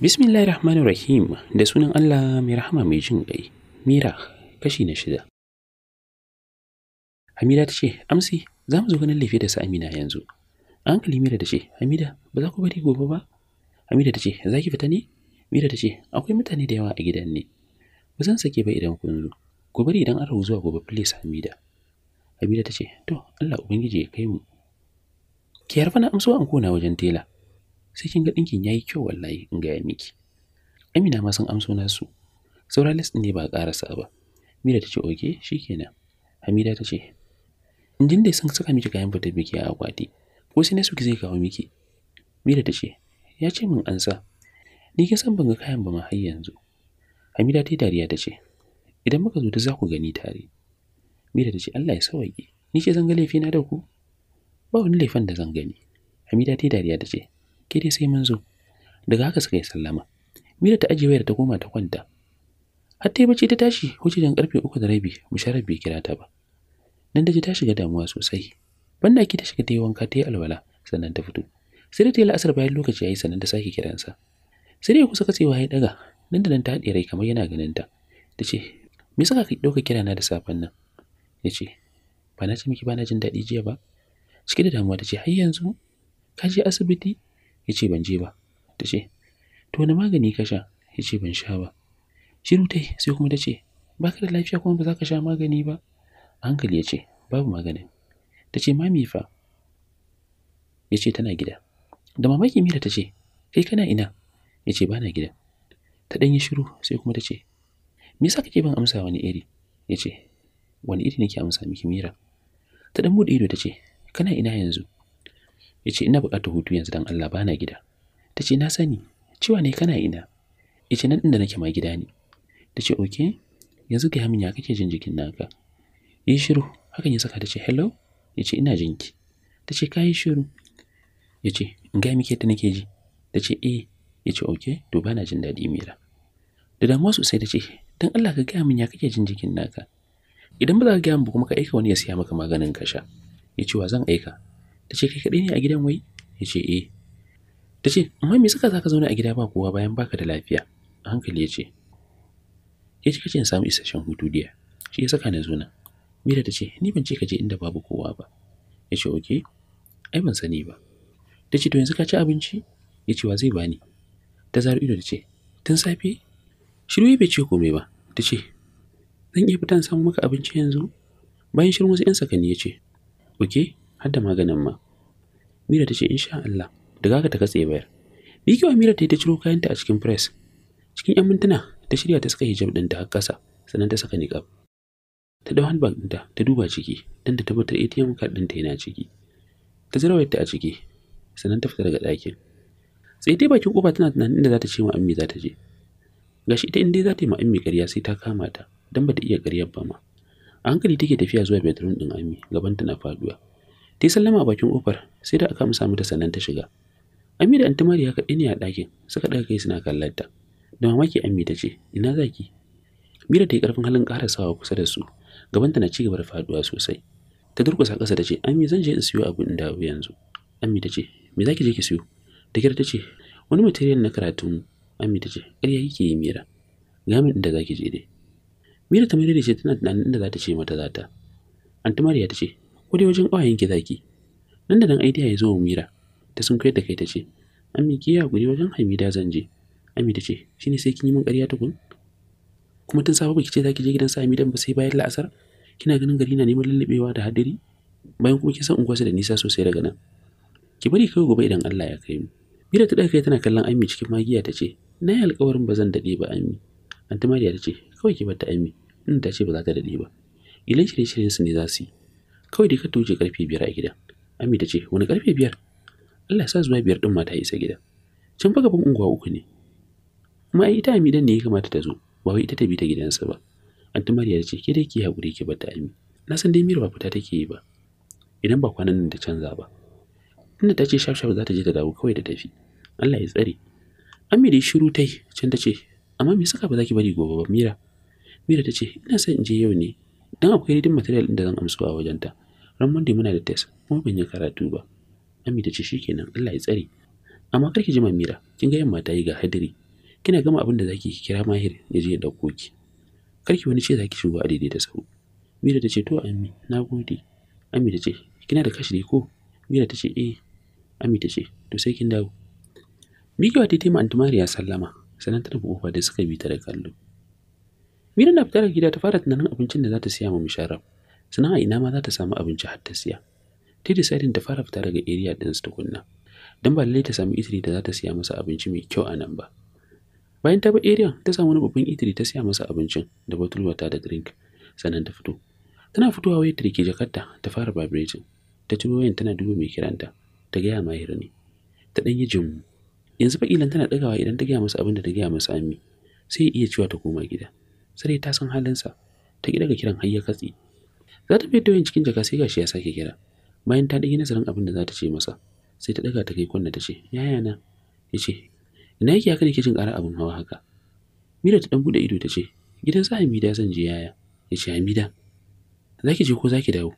Bismillahi rahmanu Rahim da sunan Allah mai rahama mai jin ƙai. Mira kashi na shida. Hamida ta ce, "Amsi, za mu zo ganin laifi da sa yanzu." A hankali Mira ta ce, "Hamida, ba za ku bari gobe ba?" Hamida ta ce, "Za ki fita ne?" Mira ta ce, "Akwai mutane da yawa a gidan ne. Ba zan sake ba idan kun zo. Ku bari idan an rahu zuwa gobe, please Hamida." Habiba ta ce, To, Allah Ubangiji ya kai mu. Ki harfa na amso an kona wajen tela. Sai kin ga ɗinkin ya yi kyau wallahi in gaya miki. Amina ma sun amso su. Saura list ne ba ƙarasa ba. Mira ta ce, Oke, shi kenan. Hamida ta ce, Injin dai sun saka miki kayan fita biki a akwati. Ko sai na ki zai kawo miki. Mira ta ce, Ya ce min ansa Ni kin san ban ga kayan ba ma har yanzu. Hamida ta yi dariya ta ce, Idan muka zo ta za ku gani tare. Hamida ta ce Allah ya sawaƙe. Ni ce zan ga laifi na da ku? Ba wani laifin da zan gani. Hamida ta yi dariya ta ce ke dai sai mun zo. Daga haka suka yi sallama. Mira ta ajiye wayar ta koma ta kwanta. Har ta yi bacci ta tashi hujjajen karfe uku da rabi musharar bai kira ta ba. Nan da ji ta shiga damuwa sosai. Bandaki ta shiga ta yi wanka ta yi alwala sannan ta fito. Sai da ta yi la'asar bayan lokaci ya yi sannan ta sake kiransa. Sai da ya kusa katsewa ya daga nan da nan ta haɗe rai kamar yana ganin ta. Ta ce, Me saka ka ɗauka kirana da safen nan? ya ce ba na ce miki ba na jin daɗi jiya ba cike da damuwa ta ce har yanzu ka je asibiti ya ce ban je ba ta ce to wani magani ka sha ya ce ban sha ba shiru ta sai kuma ta ce ba ka da lafiya kuma ba za ka sha magani ba hankali ya ce babu maganin ta ce mami fa ya ce tana gida da mamaki mira ta ce kai kana ina ya ce bana gida ta ɗanyi shiru sai kuma ta ce me yasa kake ban amsa wani iri ya ce wani iri nake amsa miki mira ta dan bude ido ta ce kana ina yanzu ya ce ina buƙatar hutu yanzu dan Allah bana gida ta ce na sani cewa ne kana ina ya ce nan da nake ma gida ne ta ce oke yanzu ga min ya kake jin jikin naka ya yi shiru hakan ya saka ta ce hello yace ce ina jinki ta ce ka shiru ya ce in ga miki yadda nake ji ta ce eh ya ce to bana jin daɗi mira da damuwa sosai ta ce don Allah ka ga min ya kake jin jikin naka idan ba za ka gaya mu kuma ka aika wani ya siya maka maganin ka ya ce wa zan aika ta ce kai kaɗai ne a gidan wai ya ce eh ta ce amma me suka za ka zauna a gida ba kowa bayan baka da lafiya a hankali ya ce ya ce kace in samu isasshen hutu diya shi ya saka na zo nan mira ta ce ni ban ce ka je inda babu kowa ba ya ce oke ai ban sani ba ta ce to yanzu ka ci abinci ya ce wa zai bani ta zaro ido ta ce tun safe shiru bai ce komai ba ta ce zan iya fitan samu maka abinci yanzu bayan shirin wasu 'yan sakanni ya ce oke har maganin ma mira ta ce insha Allah da haka ta katse bayar Bikiwa Amira ta yi ta ciro kayanta a cikin press. Cikin 'yan mintuna ta shirya ta saka hijab ɗinta har ƙasa, sannan ta saka niƙab. Ta dau handbag ɗinta ta duba ciki, dan ta tabbatar ATM card ɗinta yana ciki. Ta zira ta a ciki, sannan ta fita daga ɗakin. Sai dai bakin ƙofa tana tunanin inda za ta ce ma za ta je. Gashi ita in za ta yi ma ƙarya sai ta kama ta. don bata iya ƙaryar ba ma a hankali take tafiya zuwa bedroom ɗin ami gaban ta na faduwa ta yi sallama a bakin kofar sai da aka amsa mata sannan ta shiga ami da anti mariya kaɗai ne a ɗakin suka ɗaga kai suna kallon ta da mamaki ami ta ce ina zaki mira ta yi ƙarfin halin ƙarasawa kusa da su Gaban ta na cigaba da faduwa sosai ta durƙusa ƙasa ta ce ami zan je in siyo abu in dawo yanzu ami ta ce me zaki je ki siyo da ta ce wani material na karatun ami ta ce ƙarya yake yi mira gamin da zaki je dai Mira ta mai da ce tana tunanin inda za ta ce mata za ta. Anti Mariya ta ce, "Ko dai wajen ƙawayen ki zaki." Nan da nan Aidiya ya zo wa Mira, ta sun kai da kai ta ce, "Ami ki ya guri wajen Hamida zan je." Ami ta ce, ne sai kin yi min ƙarya tukun?" Kuma tun safe baki ce za ki je gidan sa Hamidan ba sai bayan la'asar? Kina ganin gari na neman lullubewa da hadiri? Bayan kuma kisan unguwarsa da nisa sosai daga nan. Ki bari kai gobe idan Allah ya kai mu. Mira ta ɗaga kai tana kallon Ami cikin magiya ta ce, "Na yi alƙawarin ba zan daɗe ba Ami." Anta Maria ta ce kawai ki bata ami inda ta ce ba za ta daɗe ba ilan shirye-shiryen su ne za su yi kawai dai ka wuce karfe biyar a gidan ami ta ce wani karfe biyar allah ya sa zuwa biyar ɗin mata isa gida can fa gaban unguwa uku ne kuma ai ita ami dan ne ya kamata ta zo ba wai ita ta bi ta gidansa ba Anta Maria ta ce ke dai ki hakuri ki bata ami na san dai miyar ba fita take yi ba idan ba kwanan nan ta canza ba tunda ta ce shaf-shaf za ta je ta dawo kawai da tafi Allah ya tsare Ami dai shiru tai can ta amma me saka ba za ki bari gobe ba mira mira tace ina son in je yau ne dan akwai reading material din da zan amsa a ta. ran monday muna da test kuma ban yi karatu ba ami tace shikenan Allah ya tsare amma kar ki jima mira kin ga yamma ta yi ga hadiri kina gama abin da zaki kira mahir ya je ya dauko ki kar ki wani ce zaki shigo a daidai ta sahu mira ta to ami nagode ami tace kina da kashi ko mira ta eh ami tace to sai kin dawo titi ma Antumari ya sallama sannan ta nufi kofa da suka bi ta da kallo Mira na fitar gida ta fara tunanin abincin da za ta siya ma Musharraf sannan a ina ma za ta samu abinci har ta siya ta decidin ta fara fita daga area din su tukunna dan ba lallai ta samu itiri da za ta siya masa abinci mai kyau a nan ba bayan ta bi area ta samu wani babban itiri ta siya masa abincin da bottle water da drink sanan ta fito tana fitowa wayar ta jakarta ta fara vibrating ta ciro wayan tana duba mai kiranta ta ga ya mahir ta dan yi mu. yanzu lan tana ɗagawa idan ta gaya masa abin da ta gaya masa ami sai ya iya cewa ta koma gida sai ta san halin sa. ta ki daga kiran har ya katse za ta fito yin cikin jaka sai gashi ya sake kira bayan ta ɗagi nazarin abin da za ta ce masa sai ta ɗaga ta kai kunna ta ce yaya na ya ce ina yake haka nake jin ƙara abin hawa haka mira ta ɗan buɗe ido ta ce gidan sa hamida zan je yaya ya ce hamida za ki je ko za ki dawo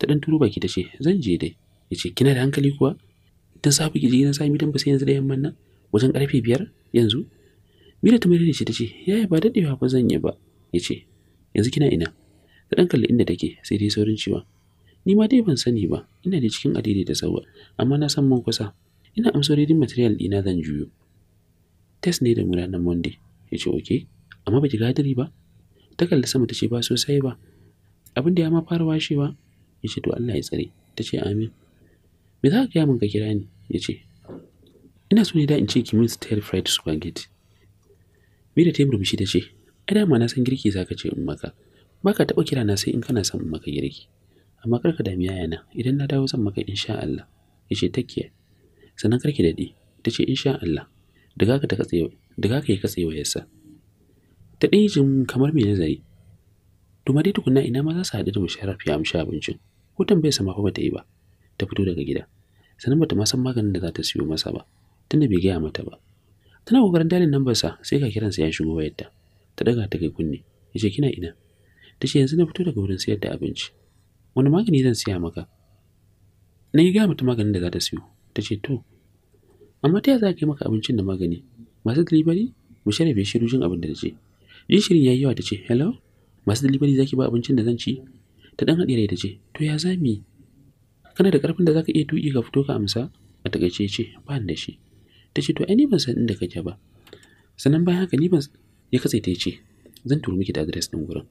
ta ɗan turo baki ta ce zan je dai ya ce kina da hankali kuwa da safe ki je gidan sami dan ba yanzu da yamma nan wajen karfe biyar yanzu mira ta mai ce ta ce yaya ba daɗewa ba zan yi ba ya ce yanzu kina ina ta dan kalli inda take sai dai saurin cewa ni ma dai ban sani ba ina da cikin adidi da sauwa amma na san mun kusa ina amsa reading material dina zan juyo test ne da mu ranar monday yace ce okay amma baki gadiri ba ta kalli sama ta ce ba sosai ba abin da ya ma fara washewa ya to Allah ya tsare tace amin me za ka gaya min ka kira ni ya ce ina so ne da in ce ki min stir fried spaghetti da taimur murmushi ta ce ai dama na san girki za ka ce in maka ba ka taɓa kira na sai in kana san maka girki amma kar ka dami yana idan na dawo zan maka insha Allah ya ce take sannan kar ki daɗi. ta ce insha Allah daga ka ta katse da ka yi katse wayarsa ta ɗaya jin kamar mai nazari to ma dai tukunna ina ma za su haɗu da musharraf ya amshi abincin ko tambayar sama fa fa bata yi ba ta fito daga gida sannan bata ma san maganin da za ta siyo masa ba tunda bai gaya mata ba tana kokarin dalin basa, sai ga sa ya shigo wayarta ta daga ta kai kunne ya ce kina ina ta ce yanzu na fito daga wurin sayar da abinci wani magani zan siya maka na yi gaya mata maganin da za ta siyo ta ce to amma ta za ka yi maka abincin da magani masu dalibari mu shirya bai shiru jin abin da ta ce jin shirin ya yi yawa ta ce hello masu dalibari za ki ba abincin da zan ci ta dan haɗe rai ta ce to ya za mu yi kana da ƙarfin da zaka iya tuƙi ga fito ka amsa a takaice ce ba da shi ta ce to ai ban san inda kake ba sannan bayan haka ni ban ya katse ta ce zan turo miki da address din gurin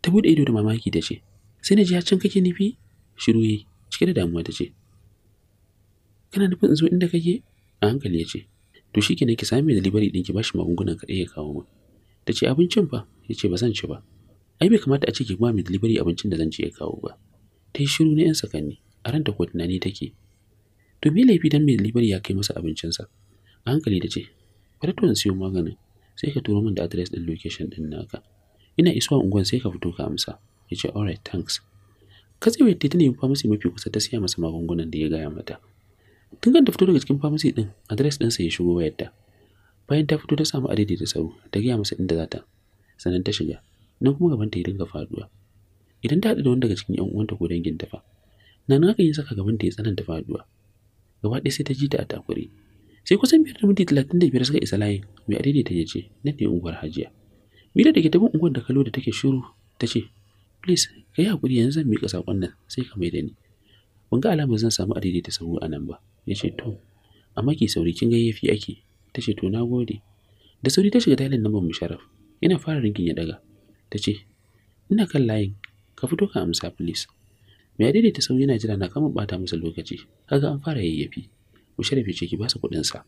ta bude ido da mamaki ta ce sai na ji can kake nufi shiru yayi cike da damuwa ta ce kana nufin in zo inda kake a hankali ya ce to ne ki sami delivery din ki bashi magungunan ka ya kawo min ta ce abincin fa ya ce ba zan ci ba ai bai kamata a ce ki ba mai delivery abincin da zan ci ya kawo ba ta yi shiru na 'yan sakanni a ranta ko tunani take to me laifi dan mai delivery ya kai masa abincinsa a hankali da ce bari to in siyo maganin sai ka turo min da address din location din naka ina isuwa unguwan sai ka fito ka amsa ya ce alright thanks katsewar ta ne famasi mafi kusa ta siya masa magungunan da ya gaya mata tun kan ta fito daga cikin famasi din adres ɗinsa ya shigo wayarta bayan ta fito ta samu adadi da tsaro ta gaya masa inda za ta sannan ta shiga nan kuma gaban ta ya dinga faduwa idan ta haɗu da wani daga cikin 'yan uwanta ko danginta fa na nan hakan saka gaban ta ya tsananta faduwa gaba ɗaya sai ta ji ta a takure sai kusan biyar da minti talatin da biyar suka isa layin mai adaidaita ta ce nan ne unguwar hajiya bida da ke tabin unguwar da kalo da take shiru ta ce please ka yi haƙuri yanzu zan miƙa saƙon nan sai ka mai da ni ban ga alamar zan samu ta sahu a nan ba ya ce to amma ki sauri kin ga yafi ake ta ce to na gode da sauri ta shiga tailin namban musharraf yana fara rinkin ya daga ta ce ina kan layin ka fito ka amsa please Mai daidaita sau yana jira na kama bata masa lokaci, kaga an fara yayyafi. mu sharafi ce ki basa sa,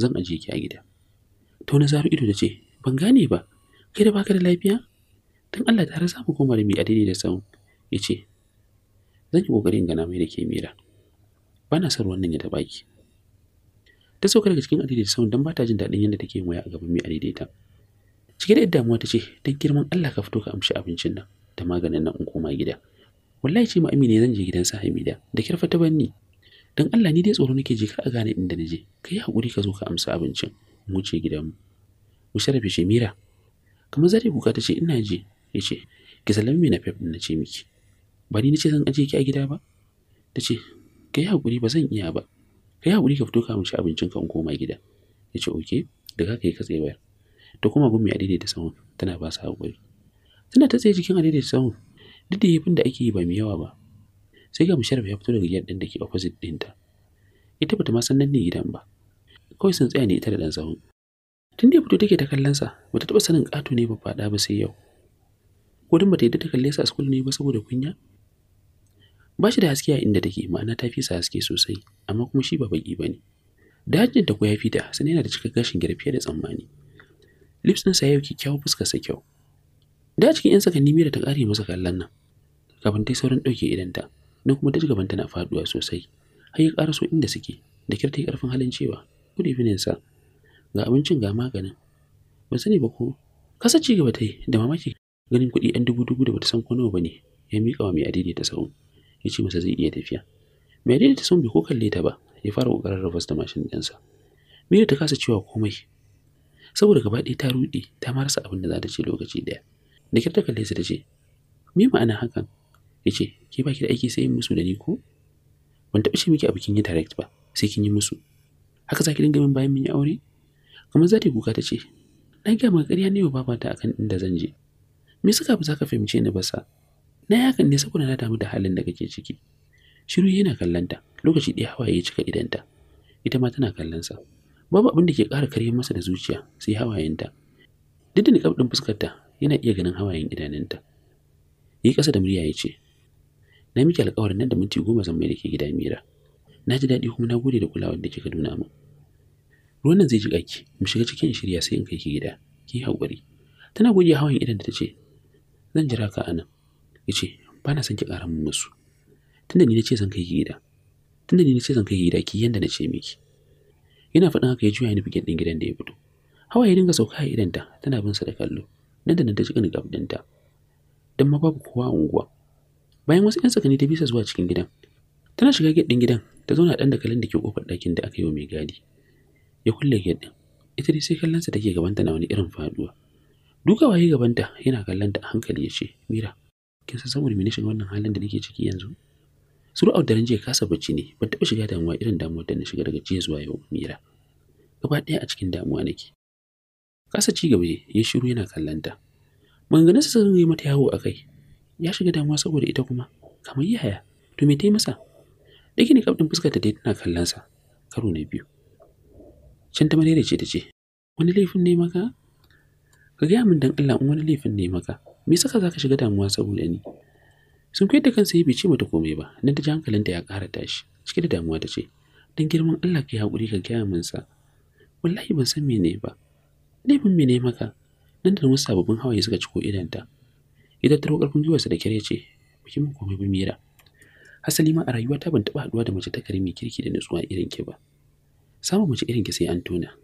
Zan ajiye ki a gida. To na zaro ido da ce, ban gane ba, kai da baka da lafiya? Don Allah tare za mu koma da a daidaita sau. Ya ce, zan yi ƙoƙarin gana mai da ke mira. Ba na son wannan ya taɓa ki. Ta sauka daga cikin adaidaita sau don ba ta jin daɗin yadda take yin waya a gaban mai adaidaita. Cike da damuwa ta ce, dan girman Allah ka fito ka amshi abincin nan da maganin nan in koma gida. wallahi ce ma amina zan je gidan sa hamida da kirfa ta banni dan Allah ni dai tsoro nake ji ka a gane inda naje kai hakuri ka zo ka amsa abincin mu ce gidan mu sharafe shi mira kamar zare kuka ta ce ina je yace ki salami na fef na ce miki ba ni nace zan aje ki a gida ba tace kai hakuri ba zan iya ba kai hakuri ka fito ka amshi abincin ka in koma gida yace oke da ka kai ka tsaye bayar ta kuma gumi a daidaita sahun tana ba sa haƙuri tana ta tsaye jikin a daidaita sahun duk da yafin da ake yi ba mai yawa ba sai ga musharraf ya fito daga gidan ɗin da ke opposite ɗinta ita bata ma san nan ne gidan ba kawai sun tsaya ne ita da ɗan tsawon tun da ya fito take ta kallon sa bata taba sanin kato ne ba fada ba sai yau ko din bata yadda ta kalle sa a school ne ba saboda kunya ba shi da haske a inda take ma'ana ta fi sa haske sosai amma kuma shi ba baki ba ne da ko ya fita sannan yana da cika gashin girfiya da tsammani lips sa yau fuska sa kyau da cikin 'yan sakanni mira ta kare masa kallon nan kafin ta sauran ɗauke idanta don kuma duk gaban na faɗuwa sosai har ya ƙara so inda suke da kyar ta yi ƙarfin halin cewa kuɗi evening sa ga abincin ga maganin ban sani ba ko kasa ci gaba ta yi da mamaki ganin kuɗi ɗan dubu dubu da bata san ko nawa ba ne ya miƙa wa mai adini ta sahun ya ce masa zai iya tafiya mai adini ta sahun bai ko kalle ta ba ya fara ƙoƙarin rufas da mashin ɗinsa Mira ta kasa cewa komai saboda gaba ɗaya ta ruɗe ta marasa abin da za ta ce lokaci ɗaya da kyar ta kalle su ta ce me ma'ana hakan ya ce ke ki da aiki sai yin musu da ni ko ban taɓa ce miki a bikin yi direct ba sai kin yi musu haka za ki dinga min bayan mun yi aure kamar za ta yi kuka ta ce na ga maka ƙarya ne wa babata akan inda zan je me suka ba za ka fahimce ni ba sa na yi hakan ne saboda na damu da halin da kake ciki shiru yana kallonta lokaci ɗaya hawaye ya cika idanta ita ma tana kallon sa babu abin da ke ƙara karye masa da zuciya sai hawayenta duk da niƙab ɗin fuskarta yana iya ganin hawayen idanunta yi ƙasa da murya ya ce na miki alƙawarin nan da minti goma zan mai da ke gida mira na ji daɗi kuma na gode da kulawar da kika nuna min ruwan nan zai jiƙa ki mu shiga cikin shirya sai in kai ki gida ki haƙuri tana goge hawan idan da ta ce zan jira ka anan ya ce ba na son ki ƙara min musu tunda ni na ce zan kai ki gida tunda ni na ce zan kai ki gida ki yanda na ce miki yana faɗin haka ya juya ni bikin ɗin gidan da ya fito hawa ya dinga sauka a idanta tana bin sa da kallo nan da nan ta ji ɗin ta don ma babu kowa a unguwa bayan wasu 'yan sakani ta bisa zuwa cikin gidan tana shiga gate din gidan ta zauna dan dakalin da ke kofar ɗakin da aka yi wa mai gadi ya kulle gate din ita dai sai kallonsa take gabanta na wani irin faduwa duka waye gabanta yana kallon ta a hankali ya ce mira kin san saboda me shiga wannan halin da nake ciki yanzu Suru'ar daren jiya kasa bacci ne ban taɓa shiga damuwa irin damuwar da na shiga daga jiya zuwa yau mira gaba ɗaya a cikin damuwa nake kasa ci gaba ya shiru yana kallon kallonta maganganunsa sun yi mata yawo a kai ya shiga damuwa saboda ita kuma kamar haya, to me ta yi masa ne niƙaf ɗin fuskarta dai tana kallon sa karo na biyu can ta madaidaci ce ta ce wani laifin ne maka ka gaya min dan Allah in wani laifin ne maka me saka zaka shiga damuwa saboda ni sun kai da kansa ya bice mata komai ba nan ta ji hankalinta ya ƙara tashi cike da damuwa ta ce dan girman Allah ka yi haƙuri ka gaya min sa wallahi ban san mene ba laifin mene maka nan da wasu sababbin hawaye suka ciko idanta ya tattaro ƙarfin sa da kire ce bikin mun komai ba mira asali ma a rayuwa ta ban taɓa haɗuwa da mace ta kare mai kirki da nutsuwa irin ki ba samun mace irin ki sai an tona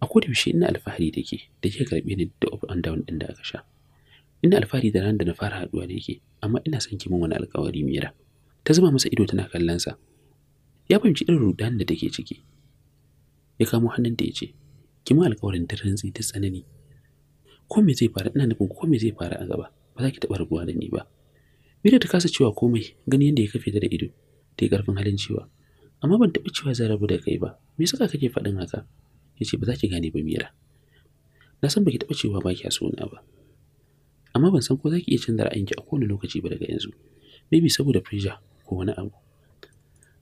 a koda ina alfahari da ke da ke ni da up and down ɗin da aka sha ina alfahari da ran da na fara haɗuwa da yake amma ina son ki min wani alƙawari mira ta zama masa ido tana kallon sa ya fahimci irin rudan da take ciki ya kamo hannun da ya ce ki ma alƙawarin ta ta tsanani ko me zai fara ina nufin ko me zai fara a gaba ba za ki taɓa rabuwa da ni ba Mira ta kasa cewa komai gani yadda ya kafe ta da ido ta yi ƙarfin halin cewa amma ban taɓa cewa zan rabu da kai ba me yasa kake faɗin haka ya ce ba za ki gane ba Mira na san baki taɓa cewa ba kya so na ba amma ban san ko za ki iya canza ra'ayinki a kowane lokaci ba daga yanzu maybe saboda pressure ko wani abu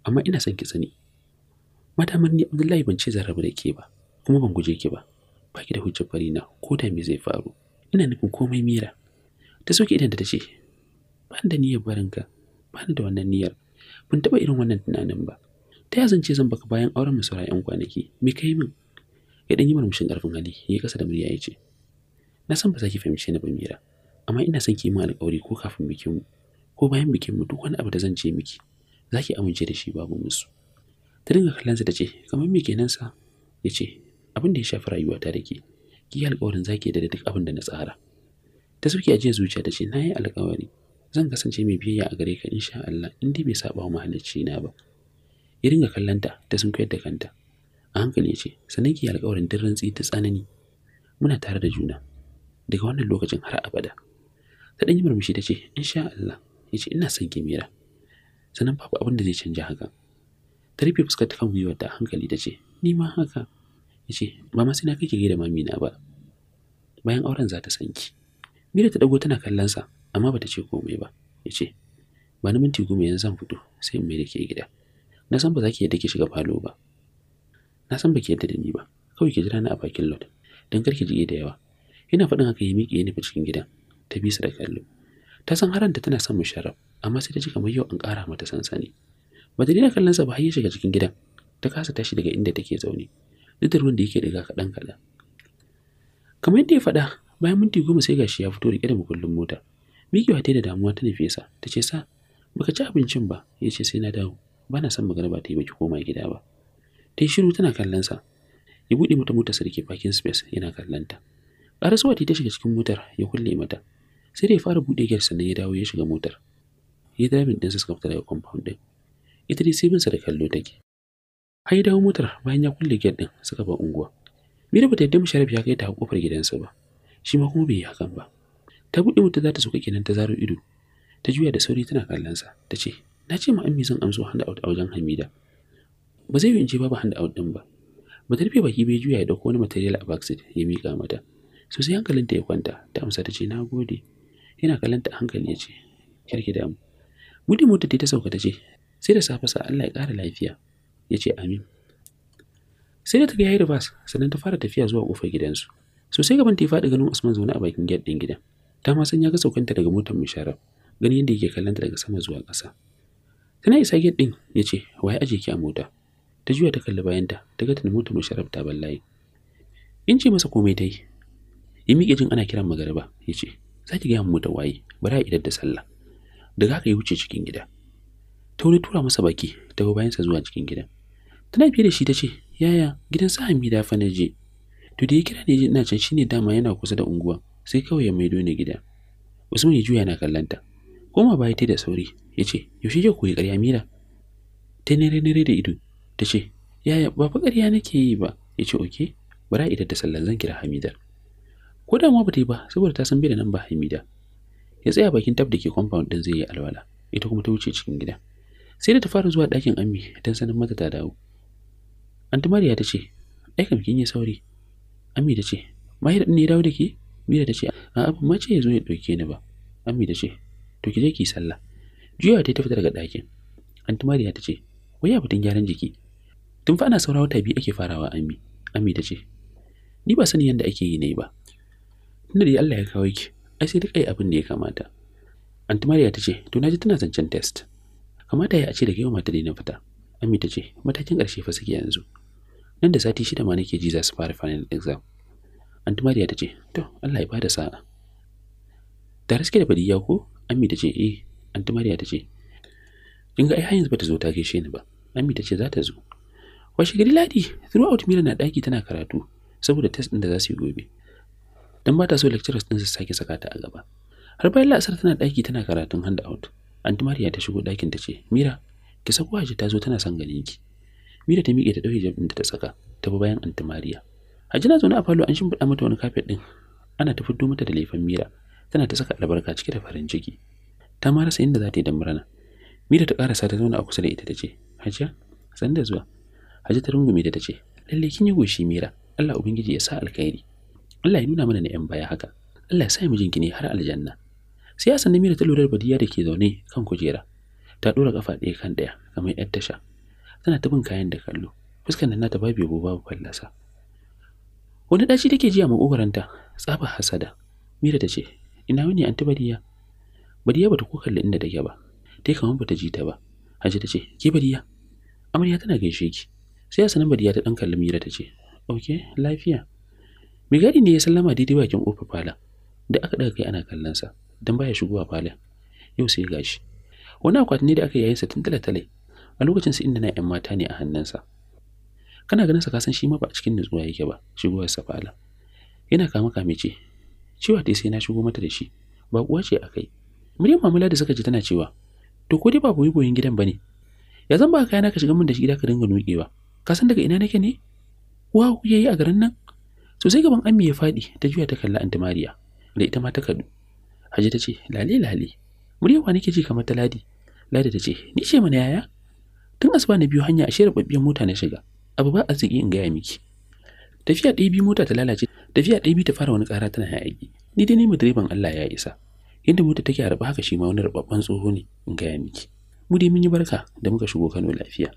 amma ina son ki sani madaman ni Abdullahi ban ce zan rabu da ke ba kuma ban guje ki ba ba ki da hujjar fari na ko da me zai faru ina nufin komai mira ta soke idan ta ce ba da niyyar ka. ba da wannan niyyar ban taɓa irin wannan tunanin ba ta yazan zance zan baka bayan auren mu saura yan kwanaki me kai min ya dan yi murmushin karfin hali ya kasa da murya ya ce na san ba za ki fahimce ni ba mira amma ina son ki yi min alƙawari ko kafin bikin mu ko bayan bikin mu duk wani abu da zan ce miki za ki amince da shi babu musu ta dinga kallon sa ta ce kamar me kenan sa ya ce abin da ya shafi rayuwata da ke ki alƙawarin zaki da duk abin da na tsara ta suke ajiya zuciya ta ce na yi alƙawari zan kasance mai biyayya a gare ka insha Allah in bai saba wa mahallaci na ba ya dinga kallanta ta sun da kanta a hankali ce sannan ki alƙawarin duk rantsi ta tsanani muna tare da juna daga wannan lokacin har abada ta ɗan yi murmushi ta ce insha Allah ya ce ina son kimira sannan babu abin da zai canja haka. ta rufe fuskar ta kan gwiwar ta hankali ta ce ni ma haka ya ce ba ma sai na kake gaida mami na ba bayan auren za ta sanki. mira ta dago tana kallon sa amma bata ce komai ba ya ce ba ni minti goma yanzu zan fito sai in mai da ke gida na san ba za ki yadda ki shiga falo ba na san ba ki yadda da ni ba kawai ki jira ni a bakin lot dan kar ki jige da yawa Ina faɗin haka yi miƙe ya fa cikin gidan ta bi bisa da kallo ta san haranta tana son musharraf amma sai ta ji kamar yau an ƙara mata sansani ba ta daina kallon sa ba har ya shiga cikin gidan ta kasa tashi daga inda take zaune duk da yake daga kaɗan kaɗan kamar yadda ya faɗa bayan minti goma sai gashi ya fito riƙe da makullin mota miƙewa ta da damuwa ta nufe sa ta ce sa baka ci abincin ba ya ce sai na dawo bana son magana ba ta yi baki koma gida ba ta yi shiru tana kallon sa ya buɗe mata motar sa da ke bakin space yana kallon ta suwa ta shiga cikin motar ya kulle mata sai da ya fara buɗe gyar sannan ya dawo ya shiga motar ya diamond ɗinsa suka fita daga compound ɗin ita dai sai sa da kallo take har ya dawo motar bayan ya kulle gate din suka bar unguwa Mira bata yadda Musharraf ya kai ta kofar gidansa ba shi ma kuma bai yi hakan ba ta buɗe mata za ta soka kenan ta zaro ido ta juya da sauri tana kallon sa ta ce na ce ma ammi zan amso hand out a wajen Hamida ba zai yi in babu hand out din ba ba ta rufe baki bai juya ya dauko wani material a backseat ya mika mata so sai ta ya kwanta ta amsa ta ce na gode yana kallon ta hankali ya ce kirki da mu Mudi mota ta sauka ta ce sai da safe sa Allah ya ƙara lafiya ya ce amin sai da ta ga yayi Bas sannan ta fara tafiya zuwa kofar gidansu sosai gaban ta ya faɗi ganin usman zaune a bakin gate ɗin gidan ta ma san ya ga saukanta daga motar musharraf ganin yadda yake kallon ta daga sama zuwa ƙasa tana isa gate ɗin ya ce waye aje ki a mota ta juya ta kalli bayanta ta ga tana motar musharraf ta ballaye in ce masa komai ta yi ya miƙe jin ana kiran magariba ya ce za ki gaya mota waye bari a idar da sallah daga haka ya wuce cikin gida ta wani tura masa baki ta bayansa zuwa cikin gidan tana fiye da shi ta ce yaya gidan sa hamida fa na je to da ya kira ne ina can shine dama yana kusa da unguwa sai kawai ya maido ni gida usman ya juya yana kallanta koma baya ta da sauri ya ce yaushe ya koyi ƙarya mira ta nere nere da ido ta ce yaya ba fa ƙarya nake yi ba ya ce oke bara ita ta sallan zan kira hamida ko da ma bata yi ba saboda ta san bai da nan ba hamida ya tsaya bakin tab da ke compound din zai yi alwala ita kuma ta wuce cikin gida sai da ta fara zuwa ɗakin ammi don sanin mata ta dawo Anti Maria ta ce, "Ai kam kin yi sauri." Ami ta ce, "Mahir ne dawo da ke?" Mira ta ce, "A abin ma ce ya zo ya dauke ni ba." Ami ta ce, "To ki je ki sallah." Juya ta fita daga ɗakin. Anti Maria ta ce, "Wai ya fitin gyaran jiki." Tun fa ana saurawa wata biyu ake farawa Ami. Ami ta ce, "Ni ba sani yanda ake yi ne ba." Tunda dai Allah ya kawo ki, ai sai duk ai abin da ya kamata. Anti Maria ta ce, "To na ji tana zancen test." Kamata ya ce daga yau mata dai na fita. Ami ta ce, "Matakin ƙarshe fa suke yanzu." nan da sati shida ma nake ji za su fara final exam anti mariya ta ce to allah ya bada sa'a Da suke da badiya ko ammi ta ce eh anti mariya ta ce kin ga ai har yanzu ta zo ta gaishe ni ba ammi ta ce za ta zo washe gari ladi throughout mira na daki tana karatu saboda test din da za su yi gobe dan ba ta so lecturers din su sake saka ta a gaba har bayan la'asar tana daki tana karatun handout out anti ta shigo dakin ta ce mira ki sako waje ta zo tana son ganin ki Mira ta miƙe ta ɗauke jam da ta tsaka ta bi bayan Anti Mariya. Hajina zaune a falo an shimfiɗa mata wani kafet ɗin ana ta fiddo mata da laifin Mira tana ta saka albarka cike da farin ciki. Ta ma rasa inda za ta yi da murna. Mira ta ƙarasa ta zauna a kusa da ita ta ce, Hajiya, san da zuwa. Hajiya ta rungume ta ta ce, Lallai kin yi goshi Mira, Allah Ubangiji ya sa alkhairi. Allah ya nuna mana na 'yan baya haka. Allah ya sa ya mijinki ne har aljanna. Sai ya Mira ta lura da Badiya da ke zaune kan kujera. Ta ɗora ƙafa ɗaya kan ɗaya kamar 'yar tasha. tana ta bin kayan da kallo fuskar nan nata babu yabo babu fallasa wani ɗaci take jiya makogaranta tsaba hasada mira ta ce ina an anti badiya badiya bata ko kalli inda take ba tai kamar bata ji ta ba haji ta ce ke badiya amarya tana gaishe ki sai a sanin badiya ta dan kalli mira ta ce lafiya lafiya migadi ne ya sallama daidai bakin kofar fala da aka daga kai ana kallon sa dan baya shigowa fala yau sai gashi wani akwati ne da aka yayin sa tun tale a lokacin su inda na ‘yan mata ne a hannunsa. Kana ganin sa kasan shi ma ba a cikin nutsuwa yake ba, shigowar sa fala. Yana kama kame ce, cewa dai sai na shigo mata da shi, ba kuwa ce a kai. Muryar mamula da suka ji tana cewa, to ko dai ba boye boyen gidan bane Ya zan ba na ka shiga min da shi gida ka dinga nukewa, ka san daga ina nake ne? Wa ku yi a garin nan? Sosai gaban Ammi ya faɗi ta juya ta kalla Anti Mariya, da ita ma ta kadu. Haji ta ce, lale lale, muryar wa nake ji kamar ta ladi. Ladi ta ce, ni ce mana yaya? tun asuba na biyu hanya a shirya mota na shiga abu ba arziki in gaya miki tafiya ɗaya biyu mota ta lalace tafiya ɗaya biyu ta fara wani ƙara tana hayaƙi ni dai ne mu direban Allah ya isa yadda mota take a haka shi ma wani rababban tsoho ne in gaya miki mu dai mun yi barka da muka shigo Kano lafiya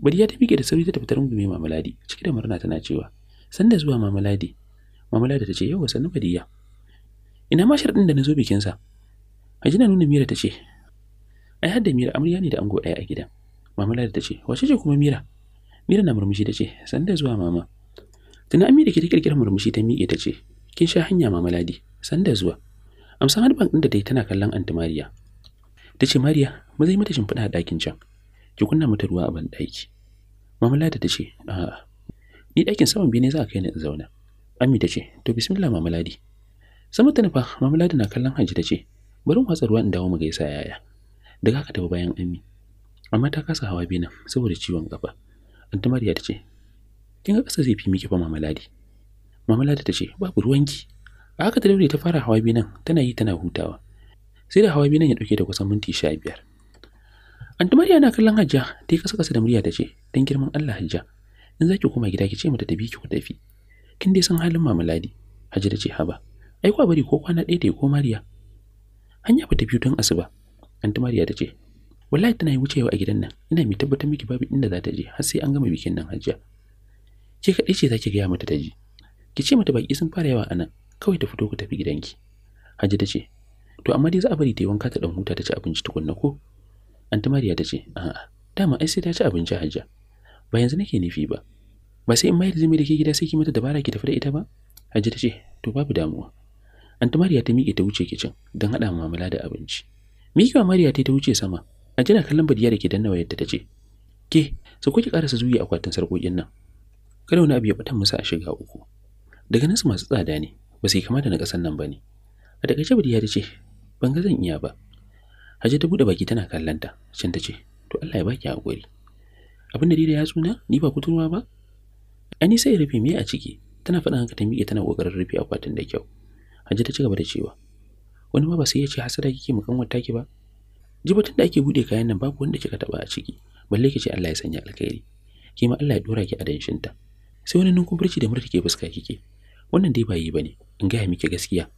bari ta tafi da sauri ta tafi tarin gume Mamaladi cike da murna tana cewa San da zuwa Mamaladi Mamaladi ta ce yau sannu Badiya ina ma sharɗin da na zo bikinsa na nuna Mira ta ce ai har da Mira amarya ne da ango ɗaya a gidan Mama Ladi ta ce, wace ce kuma Mira? Mira na murmushi ta ce, sanda zuwa mama. Tuna Amira ke kirkira murmushi ta miƙe ta ce, kin sha hanya Mama Ladi, sanda zuwa. Amsa har ban da ta tana kallon Anti Mariya. Ta ce, Mariya, mu zai mata shimfiɗa a ɗakin can. Ki kunna mata ruwa a banɗaki. Mama Ladi ta ce, a'a. Ni ɗakin saman biyu ne za a kai ni zauna. Ami ta ce, to bismillah Mama Ladi. Sama ta nufa, Mama Ladi na kallon Hajji ta ce, bari mu hatsa ruwa in dawo mu gaisa yaya. Daga ka tafi bayan Ami. amma ta kasa hawa benen saboda ciwon kafa anta mariya ta kin ga kasa zai fi miki fa mama mamaladi mama ta tace babu ruwanki a haka ta daure ta fara hawa benen tana yi tana hutawa sai da hawa benen ya dauke da kusan minti 15 biyar mariya na kallon hajja ta yi kasa kasa da murya tace dan girman allah hajja in zaki koma gida ki ce mata tafi ki ku tafi kin dai san halin mama Ladi? hajja ta ce haba ai kwa bari ko kwana ɗaya ta yi ko mariya hanya ba ta biyu don asuba anta mariya ta ce wallahi tana yi wucewa a gidan nan ina mai tabbatar miki babu inda za ta je har sai an gama bikin nan hajiya ke kaɗai ce ki gaya mata ta ji ki ce mata baki sun fara yawa a nan kawai ta fito ku tafi gidanki hajji ta ce to amma dai za a bari ta yi wanka ta ɗan huta ta ci abinci tukunna ko Anta mariya ta ce a'a dama ai sai ta ci abinci hajja ba yanzu nake nufi ba ba sai in mayar da zumi da ke gida sai ki mata dabara ki tafi da ita ba hajji ta ce to babu damuwa Anta mariya ta miƙe ta wuce kicin don haɗa mamala da abinci miƙewa mariya ta yi ta wuce sama Hajji na kallon Badiya da ke danna wayarta ta ce, Ke, su kuke ƙarasa zuyi akwatin sarkokin nan. Kada wani abu ya batan musu a shiga uku. Daga nan su masu tsada ne, ba su yi kama da na kasan nan ba ne. A ce Badiya ta ce, Ban ga zan iya ba. Hajji ta buɗe baki tana kallon ta, can ta ce, To Allah ya baki hakuri Abin da dai ya tsuna, ni ba kuturwa ba? Ani sai rufe me a ciki, tana faɗin haka ta miƙe tana ƙoƙarin rufe akwatin da kyau. Hajji ta cigaba gaba da cewa, Wani ma ba sai ya ce hasada kike mu kan wata ki ba, jibutin da ake bude kayan nan babu wanda kika taba a ciki balle ki Allah ya sanya alkhairi ki ma Allah ya dora ki a danshin ta sai wani nunkufurci da murta ke fuska kike wannan dai ba yi bane in ga miki gaskiya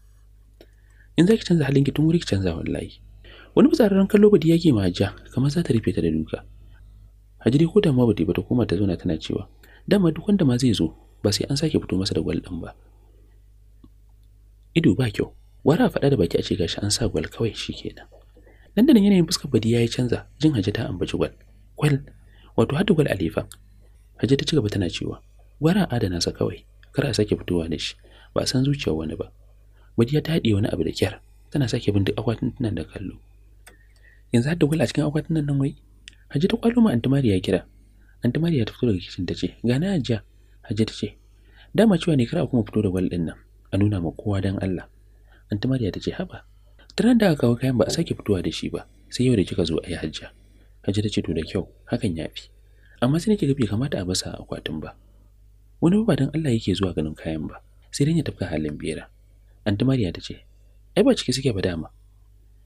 in zaki canza halin ki tun wuri ki canza wallahi wani bazararren kallo badi yake ma ja kamar za ta rufe ta da duka hajiri ko da ma ba ta koma ta zauna tana cewa dama duk wanda ma zai zo ba sai an sake fito masa da gwal din ba ido ba kyau wara faɗa da baki a ce gashi an sa gwal kawai shikenan nan da nan yanayin fuskar badi ya yi canza jin hajji ta ambaci gwal Kwal, wato har gwal alifa hajji ta cigaba tana cewa gwara adana sa kawai kar a sake fitowa da shi ba san zuciyar wani ba Badi ta haɗe wani abu da kyar tana sake bin duk akwatin tunan da kallo yanzu har da gwal a cikin akwatin nan wai hajji ta kwalo ma antimariya kira antimariya ta fito daga kicin ta ce ga na hajja hajji ta ce dama cewa ne kar a kuma fito da gwal ɗin nan a nuna ma kowa don allah antimariya ta ce haba Tunan da aka kawo kayan ba a sake fitowa da shi ba, sai yau da kika zo a yi hajja. hajja ta ce to da kyau, hakan ya fi. Amma sai nake gabe kamata a basa akwatin ba. Wani ba dan Allah yake zuwa ganin kayan ba, sai dan ya tafka halin bera. Anti Mariya ta ce, "Ai ba ciki suke ba dama."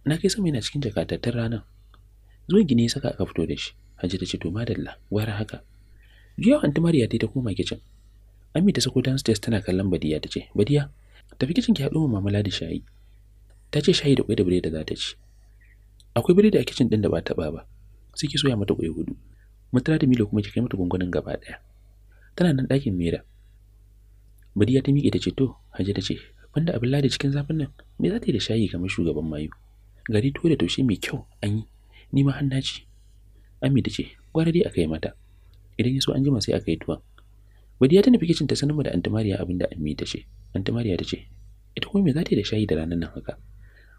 Na kai sama yana cikin jakatattun ranar. Zuwan gine ya saka aka fito da shi. Hajji ta ce to madalla, gwara haka. Jiya Anti Mariya ta koma kicin. Ami ta sako downstairs tana kallon Badiya ta ce, "Badiya, tafi kicin ki haɗu mu mamala da shayi." ta ce shayi da kwai da biredi za ta ci akwai biredi a kicin din da ba ta ba sai soya mata kwai hudu mutara da milo kuma ki kai mata gungunin gaba ɗaya tana nan ɗakin mera badiya ta miƙe ta ce to hajji ta ce banda abin ladi cikin zafin nan me za ta yi da shayi kamar shugaban mayu gari tuwo da taushe mai kyau an yi ni ma hanna ci. ami ta ce gwara dai aka yi mata idan ya so an jima sai a yi tuwon Badiya ta nufi kicin ta sanin mu da Antamariya abin da ta ce. Antamariya ta ce, "Ita kuma me za ta yi da shayi da ranar nan haka?"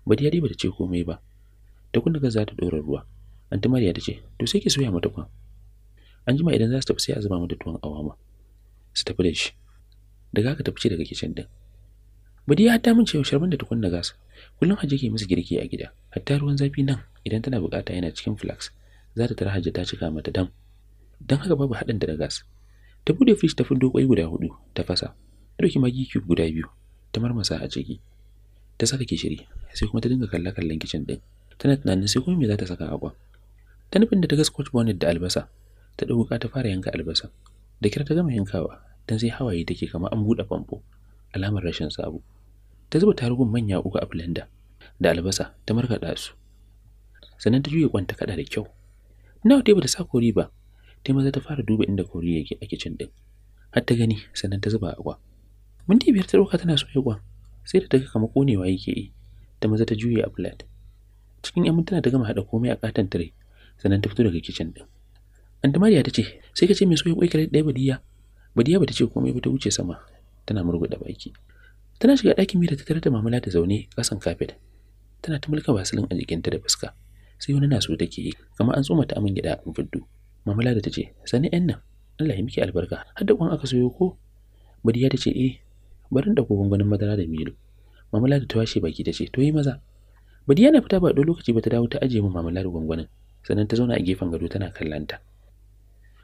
Badiya ba ta ce komai ba. Ta kunna gas za ta dora ruwa. Anti Mariya ta ce, "To sai ki soya mata kwan." An jima idan za su tafi sai a zuba mata tuwon awama. Su tafi da shi. Daga haka ta fice daga kicin din. Badiya ta min cewa sharbin da ta kunna gas. Kullum Hajji ke musu girki a gida. Hatta ruwan zafi nan idan tana bukata yana cikin flax. Za ta tara haje ta cika mata dam. dan haka babu haɗin da gas. Ta bude fridge ta findo kwai guda hudu ta fasa. Ta dauki magi cube guda biyu ta marmasa a ciki. ta saka kishiri, sai kuma ta dinga kalla kallon kicin din tana tunanin sai kuma me za ta saka akwa? ta nufin da ta ga scotch bonnet da albasa ta ɗauko ta fara yanka albasa da kira ta gama yankawa dan sai hawaye take kamar an buɗe famfo alamar rashin sabo ta zuba tarugun manya uku a blender da albasa ta markaɗa su sannan ta juya kwanta kada da kyau nawa ta bata sa kori ba ta maza ta fara duba inda kori yake a kicin din har ta gani sannan ta zuba akwa. Mun minti biyar ta dauka tana soya kwan sai da ta ga konewa yake yi ta maza ta juye a plate cikin yan mintuna ta gama haɗa komai a katon tire sannan ta fito daga kicin din anta mariya ta ce sai ka ce mai soyayya kwai ɗaya badiya badiya ba ta ce komai ba ta wuce sama tana murguɗa baki tana shiga ɗakin mira ta tare da mamala ta zaune kasan kafet tana ta mulka basilin a jikinta da fuska sai wani na so take yi kamar an tsoma ta amin gida in fiddu mamala da ta ce sani yan nan Allah ya miki albarka har da kwan aka soyo ko badiya ta ce eh barin da gwangwanin madara da milo mamala da ta washe baki ta ce to yi maza badiya na fita ba ɗau lokaci ba ta dawo ta ajiye min mamala da gwangwanin sannan ta zauna a gefen gado tana kallanta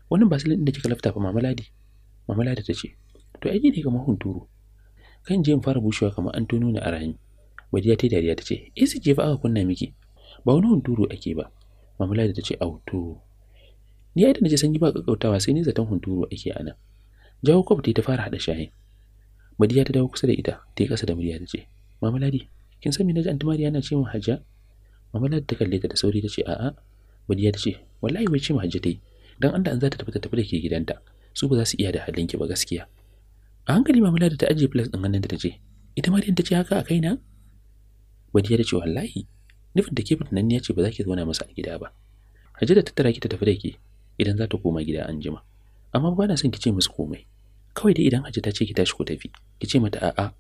wannan ba din da kika lafta fa mamaladi mamalada ta ce to ai ne kamar hunturu kan je in fara bushewa kamar an tono ni a rani badiya ta dariya ta ce eh su je fa aka kunna miki ba wani hunturu ake ba mamaladi ta ce au to ni ai da naje yi ba kakkautawa sai ne zaton hunturu ake ana jawo kwabta ta fara hada shayin Badiya ta dawo kusa da ita, ta yi ƙasa da murya ta ce, Mama Ladi, kin san me naji Anti Mariya na ce min Hajja? Mama Ladi ta kalle ta da sauri ta ce, A'a. Madiya ta ce, Wallahi wai ce min Hajja ta yi, dan Allah an za ta tafi ta tafi da ke gidanta, su ba za su iya da halinki ba gaskiya. A hankali Mama Ladi ta ajiye plus ɗin hannunta ta ce, Ita Maryam ta ce haka a na? Madiya ta ce, Wallahi, nufin da ke nan ya ce ba za ki zauna masa a gida ba. Hajja da tattara ki ta tafi da ke idan za ta koma gida an jima. Amma ba na son ki ce musu komai. kawai dai idan hajji ta ce ki tashi ku tafi ki ce mata a'a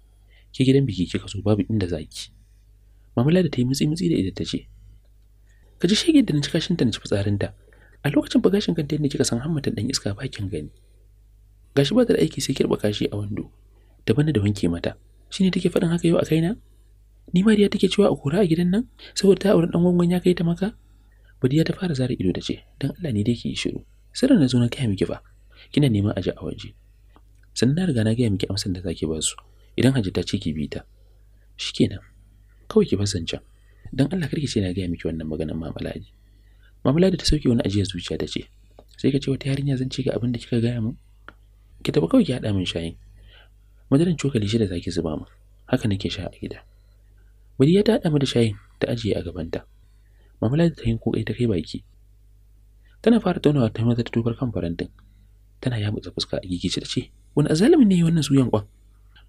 ki gidan biki kika so babu inda za ki mamala da ta yi mutsi mutsi da ita ta ce ka ji shege da na cika shinta na ci ta a lokacin bagashin kanta yadda kika san hammata dan iska bakin gani gashi ba ta da aiki sai kirba kashi a wando da bana da wanke mata shine take faɗin haka yau a kaina ni Mariya take cewa a kora a gidan nan saboda ta aure dan gwangwan ya kai ta maka Badiya ta fara zara ido da ce, "Don Allah ne dai ki yi shiru, sirrin na zo na kai miki ba, kina neman aji a waje." sannan na riga na gaya miki amsan da zaki ba su idan hajji ta ce ki bi ta shikenan kawai ki fasan can dan Allah kar ki ce na gaya miki wannan maganar mamalaji mamalaji ta sauke wani ajiya zuciya ta ce sai ka ce wata yarinya zan ci ga abin da kika gaya min ki tafi kawai ki haɗa min shayin madaran cokali shida zaki zuba mu haka nake sha a gida Badiya ta taɗa mu da shayin ta ajiye a gabanta Mamalaji ta yin kokai ta kai baki tana fara taunawa ta maza ta tubar kan farantin tana yamutsa fuska a gigice ta ce wani azalimin ne wannan suyan kwan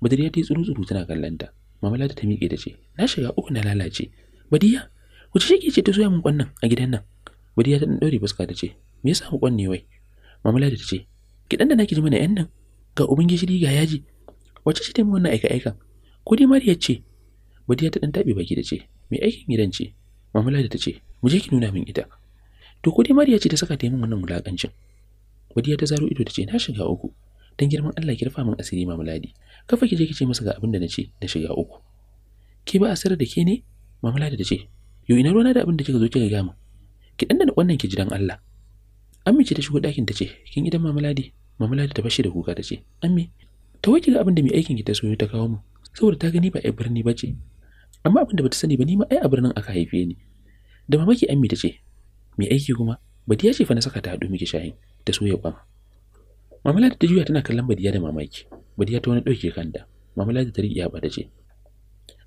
badariya ta yi tsuru-tsuru tana kallon ta mamala ta miƙe ta ce na shiga uku na lalace badiya wace shi ce ta soya min kwan nan a gidan nan badiya ta ɗaure fuska ta ce me yasa mu kwan ne wai mamala ta ce ki ɗan da naki ji mana yan nan ga uban gishiri ga yaji wace ce ta min wannan aika aika ko dai mariya ce badiya ta ɗan taɓe baki ta ce me aikin gidan ce mamala ta ce mu je ki nuna min ita to ko dai mariya ce ta saka ta yi min wannan mulakancin badiya ta zaro ido ta ce na shiga uku dan girman Allah ki rufa min asiri mama ladi kafa ki je ki ce masa ga abin da nace da shiga uku ki ba asirar da ke ne mama ladi ta ce yo ina ruwana da abin da kika zo kika ga mu. ki dan da wannan ki jidan Allah. Ammi ce ta shigo dakin ta ce kin idan mama ladi mama ladi ta bashi da kuka ta ce ammi ta waki ga abin da mai aikin ki ta soyo ta kawo mu saboda ta gani ba ai birni bace amma abin da bata sani ba ni ma ai a birnin aka haife ni da mamaki ammi ta ce mai aiki kuma badi ya ce fa na saka ta hadu miki shayin ta soya kwana. Mamaladi ta juya tana kallon Badiya da mamaki. Badiya ta wani ɗauke kanta. da ta riƙe ya da ce,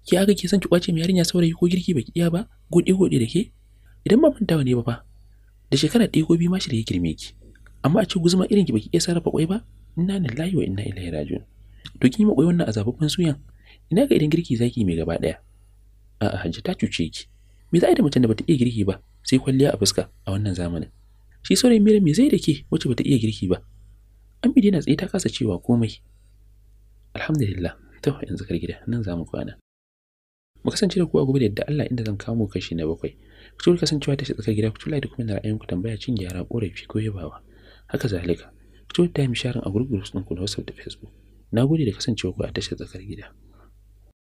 Ki aka ke san ki kwace mai yarinya saurayi ko girki baki iya ba, gode gode da ke? Idan ba mantawa ne ba fa. Da shekara ɗaya ko biyu ma shirye girme ki. Amma a ce guzuma irin ki baki iya sarrafa kwai ba, inna lillahi wa inna ilaihi raji'un. To kin yi makwai wannan azababban suyan. Ina ga idan girki zaki mai gaba ɗaya. A'a Hajji ta cuce ki. Me za a yi da mutum da bata iya girki ba, sai kwalliya a fuska a wannan zamanin. Shi saurayin Mira me zai da ke wacce bata iya girki ba, Ambi na tsaye ta kasa cewa komai. Alhamdulillah, ta yanzu kar gida nan zamu kwana. Mu kasance da kowa gobe da yadda Allah inda zan kawo kashi na bakwai. Ku ci kasancewa ta tsakar gida ku tula da kuma ra'ayin ku tambaya cin gyara korafi ko yabawa. Haka zalika, ku ci da misharin a gurgurus ɗinku na WhatsApp da Facebook. Na gode da kasancewa ku a tashar tsakar gida.